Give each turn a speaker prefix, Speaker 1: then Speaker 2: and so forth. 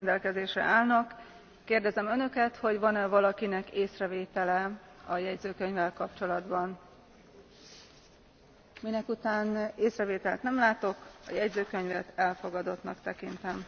Speaker 1: rendelkezésre állnak. kérdezem önöket hogy van e valakinek észrevétele a jegyzőkönyvvel kapcsolatban? minek után észrevételt nem látok a jegyzőkönyvet elfogadottnak tekintem.